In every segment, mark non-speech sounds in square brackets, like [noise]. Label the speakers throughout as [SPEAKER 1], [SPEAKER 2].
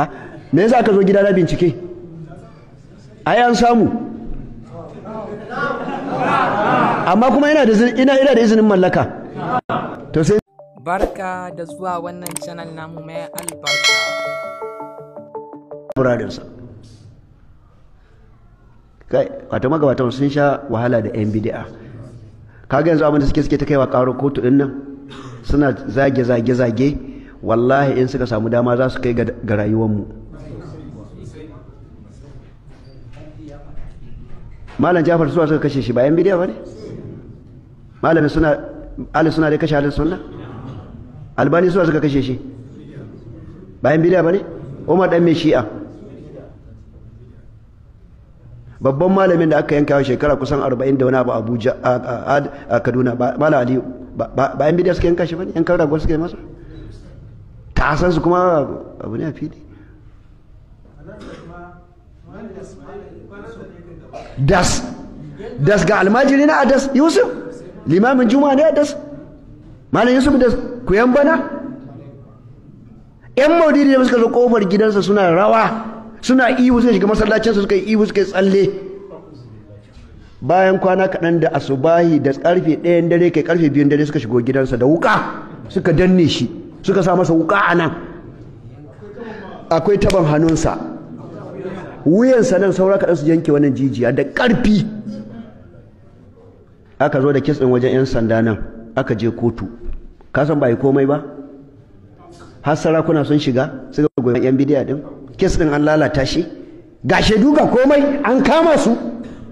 [SPEAKER 1] Ah, me yasa aka zo gida na bincike ai an samu amma kuma yana da ina ina da izinin mallaka to sai barka da zuwa wannan channel namu mai albarka muradinsa kai wato magabatan sun sha wahala da yan kaga yanzu abin da suke suke ta kaiwa karo kotu din nan suna zage zage zage wallahi in suka samu dama za su kai ga rayuwanmu malam jafar suwa suka kashe shi bayan bidiyar wani ne malamin suna ali suna da kashe halin sunna albani suwa suka kashe shi bayan bidiyar wani ne umar dan mai shi'a babban malamin da aka yanka shekara kusan 40 da wani abu abuja a kaduna malam aliyu bayan bidiyar suka yanka shi ba ne yankan ragon suka yi masa ka san su kuma abu ne a fili das das ga almajiri na adas yusuf limamin Juma ne adas malam yusuf da yan bana yan maudidi da suka zo kofar gidansa suna rawa suna iwu suka shiga masallacinsa suka yi iwu suka yi tsalle bayan kwana kaɗan da asubahi da karfe ɗayan dare kai karfe biyun dare suka shigo gidansa da wuka suka danne shi suka sa masa wuka a nan akwai taban hannunsa wuyansa nan saura kaɗan su yanke wani jijiya da ƙarfi aka zo da kitsin wajen 'yan sanda nan aka je kotu kasan ba yi komai ba har sarakuna sun shiga suka goyon 'yan bidiya din kes din an lalata shi ga shaidu ga komai an kama su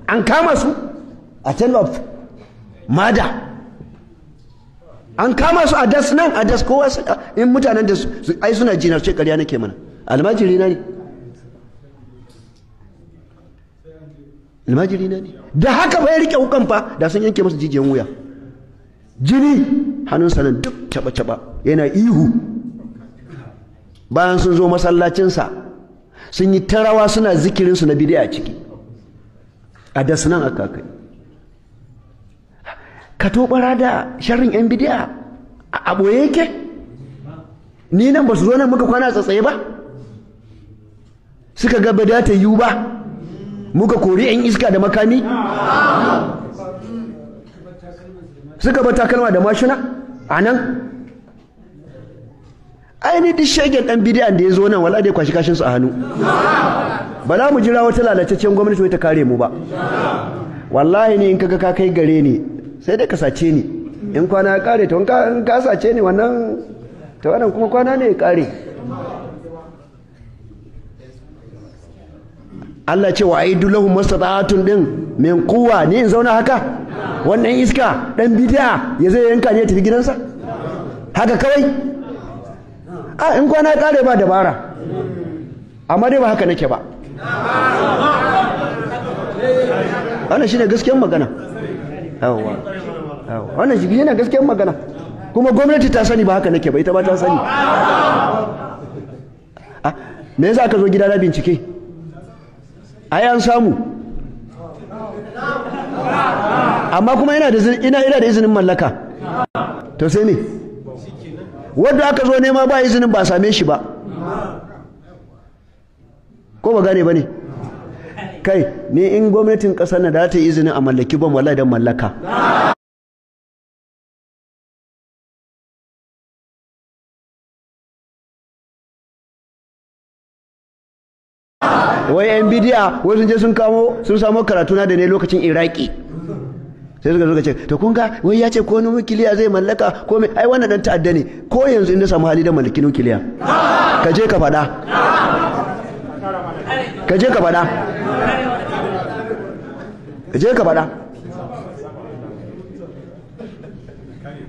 [SPEAKER 1] an kama su a of mada an kama su a das nan a das kowa in mutanen da su ai suna jinar ce ƙarya nake mana almajiri na ne almajiri na ne da haka bai rike hukan fa da sun yanke masa jijiyan wuya jini hannun sanan duk caba-caba yana ihu bayan sun zo masallacinsa sun yi tarawa suna zikirin su na bidiya a ciki a das nan aka kai ka tobara da sharrin yan bidiya a boye yake ni nan ba su zo nan muka kwana tsatsaye ba suka ga ba ta yiwu ba muka kori yan iska da makami suka bar takalma da mashina a nan ainihin duk shagen dan bidiyan da ya zo nan wala dai kwashi kashin su a hannu ba za mu jira wata lalataccen gwamnati ta kare mu ba wallahi ne in kaga ka kai gare ni sai dai ka sace ni in kwana ya kare to in ka sace ni wannan ta wannan kuma kwana ne ya kare Allah ce wa aidu masu mastata'atun din min kuwa ni in zauna haka wannan iska dan bid'a ya zai yanka ne ya tafi gidansa haka kawai a in kwana ya kare ba dabara amma dai ba haka nake ba shi ne gaskiyar magana yawwa wannan shi yana gaskiyar magana kuma gwamnati ta sani ba haka nake ba ita ba ta sani ah, me yasa aka zo gida na bincike ai an samu amma kuma ina da ina ina da izinin mallaka to sai ne wanda aka zo nema ba izinin ba same shi ba ko ba gane ba ne kai ni in gwamnatin ƙasar nan da ta izini a mallaki ban wallahi dan mallaka wai nvidia wai sun je sun kamo sun samo karatu na da ne lokacin iraki sai suka suka ce to kun ga wai ya ce ko ni nukiliya zai mallaka ko me ai wannan dan ta'adda ne ko yanzu in na samu hali da mallaki nukiliya ka je ka faɗa ka je ka faɗa ka je ka faɗa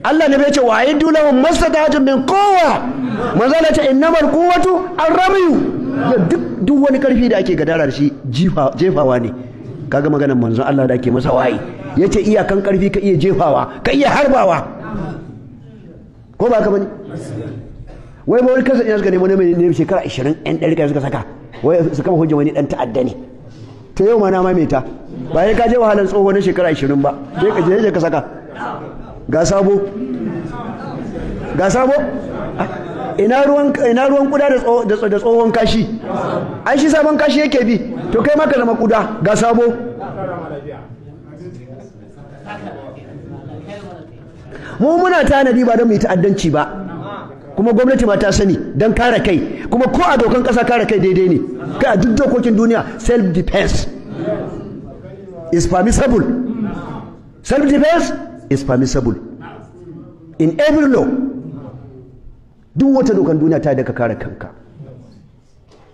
[SPEAKER 1] Allah ne bai ce wa yi dulahun mastatajin min kowa manzala ce innamar kuwatu an ramiyu duk wani karfi da ake gadara da shi jefawa ne kaga maganar manzon Allah da ake masa wayi yace iyakan karfi ka iya jefawa ka iya harbawa ko ba ka bane wai ba wani kasa ina suka nemo ne mai shekara 20 yan ɗari suka saka wai su kama hujja wani dan ta'adda ne ta yau ma na mame ta ba sai ka je wahalan tsoho na shekara 20 ba je ka je ka saka ga sabo ga sabo ina ruwan ina ruwan kuda da da tsohon kashi ai shi sabon kashi yake bi to kai ma ka zama kuda ga sabo mu muna tanadi ba don mu yi ta'addanci ba kuma gwamnati ma ta sani don kare kai kuma ko a dokan ƙasa kare kai daidai ne kai a duk dokokin duniya self defense is permissible self defense is permissible in every law duk wata dokan duniya ta daga kare kanka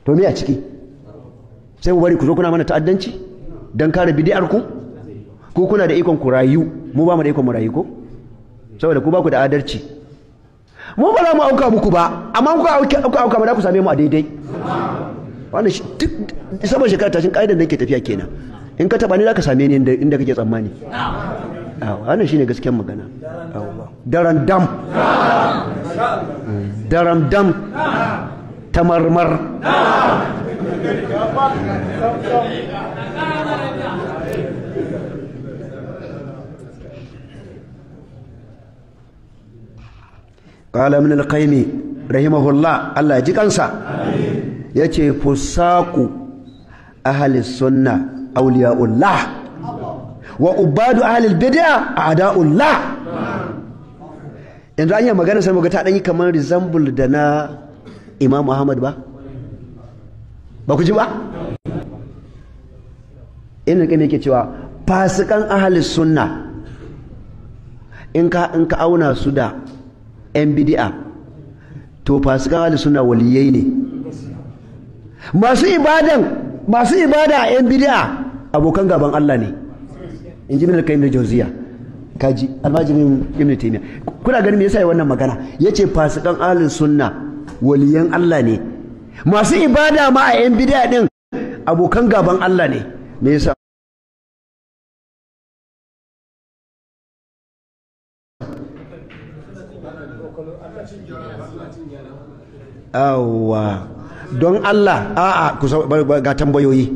[SPEAKER 1] to me a ciki sai mu bari ku zo kuna mana ta'addanci dan kare bid'ar ku ko kuna da ikon ku rayu mu ba mu da ikon mu rayu ko saboda ku ba ku da adalci mu ba za mu auka muku ba amma kuka auka auka ba za ku same mu a daidai wannan duk saboda shekara tashin ka'idar da ke tafiya kenan in ka taba ni za ka same ni inda kake tsammani wannan shine gaskiyar magana daran dam daran dam tamarmar qala min al rahimahullah Allah ji kansa yace fusaku ahli sunna ula wa ubadu ahli bid'a a'daullah yanzu an yi magana sai muga ta yi kamar resemble da na Imam muhammad ba ba ku ji ba inda kai yake cewa fasikan ahalis sunna in ka auna su da 'yan bidi'a to fasikan ahli suna waliyai ne masu ibadan masu ibada a 'yan bidi'a abokan gaban Allah ne in ji min alkaim da jauziya kaji almajirin ibn taymiya kuna ganin me yasa yayi wannan magana yace fasikan ahli sunna waliyan Allah ne masu ibada ma a 'yan bidi'a din abokan gaban Allah ne me yasa awa don Allah a kusa ga tambayoyi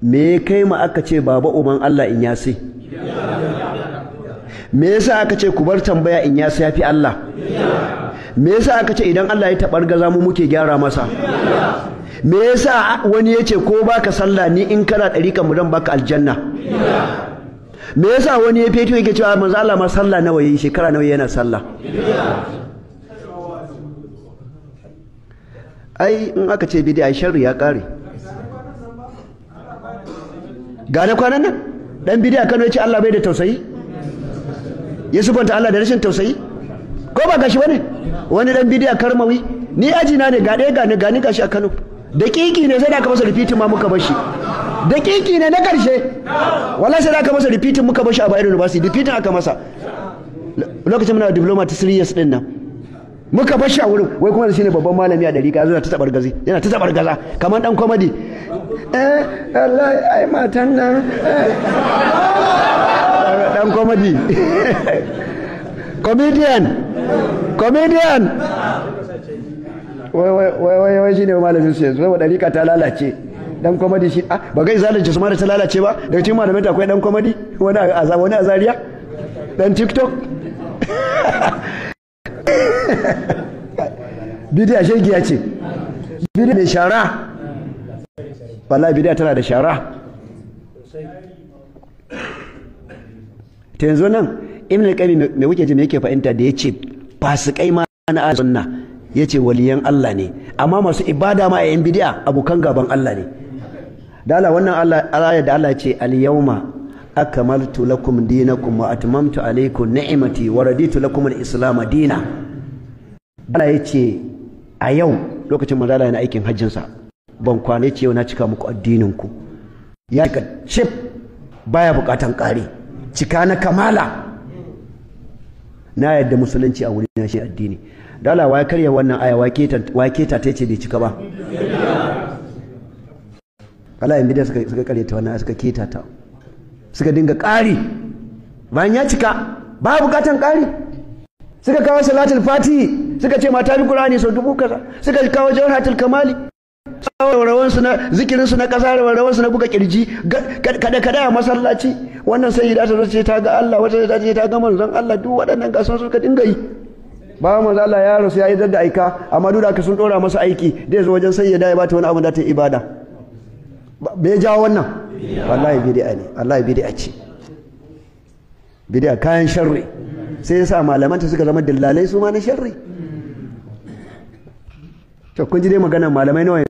[SPEAKER 1] me kai ma aka ce baba uban Allah in yasi me yasa aka ce ku bar tambaya in yasi fi Allah me yasa aka ce idan Allah ya tabar gaza mu muke gyara masa me yasa wani ya ce ko baka sallah ni in kana ɗariƙa mu dan baka aljanna me yasa wani ya feto yake cewa manzo Allah ma sallah nawa yayi shekara nawa yana sallah ai in aka ce bid'a sharri ya kare gane kwanan nan dan bid'a Kano ya ce Allah bai da tausayi ya subanta Allah da rashin tausayi ko ba gashi bane wani dan bid'a karmawi ni aji na ne ga dai ga ni ga ni gashi a Kano da kiki ne sai da ka masa rufitin ma muka bar shi daƙiƙi ne na karshe wallahi sai ka masa repeat muka bashi a bayan University repeat aka masa lokacin muna diploma ta 3 years din nan muka bashi a wurin wai kuma shine babban malami a dariƙa ka yana ta tabar gazi yana ta tabar gaza kamar dan comedy eh wallahi ai matan nan dan eh. comedy [laughs] comedian comedian wai wai wai wai shine malamin su yanzu wai dariƙa ta lalace dan komadi shi ah ba gai zalunci su ma da ta lalace ba daga cikin malamai ta akwai dan komadi wani a wani azariya dan tiktok [laughs] bidiya ya ce bidiya mai shara wallahi bidiya tana da shara ta yanzu nan ibn al-qayyim me kuke ji yake fahimta da yace fasikai ma na sunna yace waliyan Allah ne amma masu ibada ma a yan bid'a abokan gaban Allah ne dala wannan Allah da Allah ce al-yawma akmaltu lakum dinakum wa atmamtu alaykum ni'mati wa raditu lakum al-islam dina Allah yace a yau lokacin manzo yana aikin hajjin sa ban kwane ce na cika muku addinin ku ya cika chip baya bukatan kare cika na kamala na yadda musulunci a wurin shi addini dala wa karya wannan aya wake ta ce bai cika ba wala yan suka suka kare ta wannan suka keta ta suka dinga ƙari bayan ya cika ba bukatan ƙari suka kawo salatul fati suka ce mata bi qur'ani sau dubu kaza suka kawo jawhatul kamali rawan su na zikirin su na kasa rawan su na buga kirji kada kada a masallaci wannan sai da ta ce ta ga Allah wata ta ce ta ga manzon Allah duk waɗannan gasan suka dinga yi ba manzo Allah ya rasu ya yi da aika amma duk da aka sun dora masa aiki zai zo wajen sayyida ya ya bata wani abu da ta ibada me ya jawo wannan wallahi bid'a ne wallahi bid'a ce bid'a kayan sharri sai yasa malamanta suka zama dillalai su ma na sharri to kun ji dai magana malamai nawa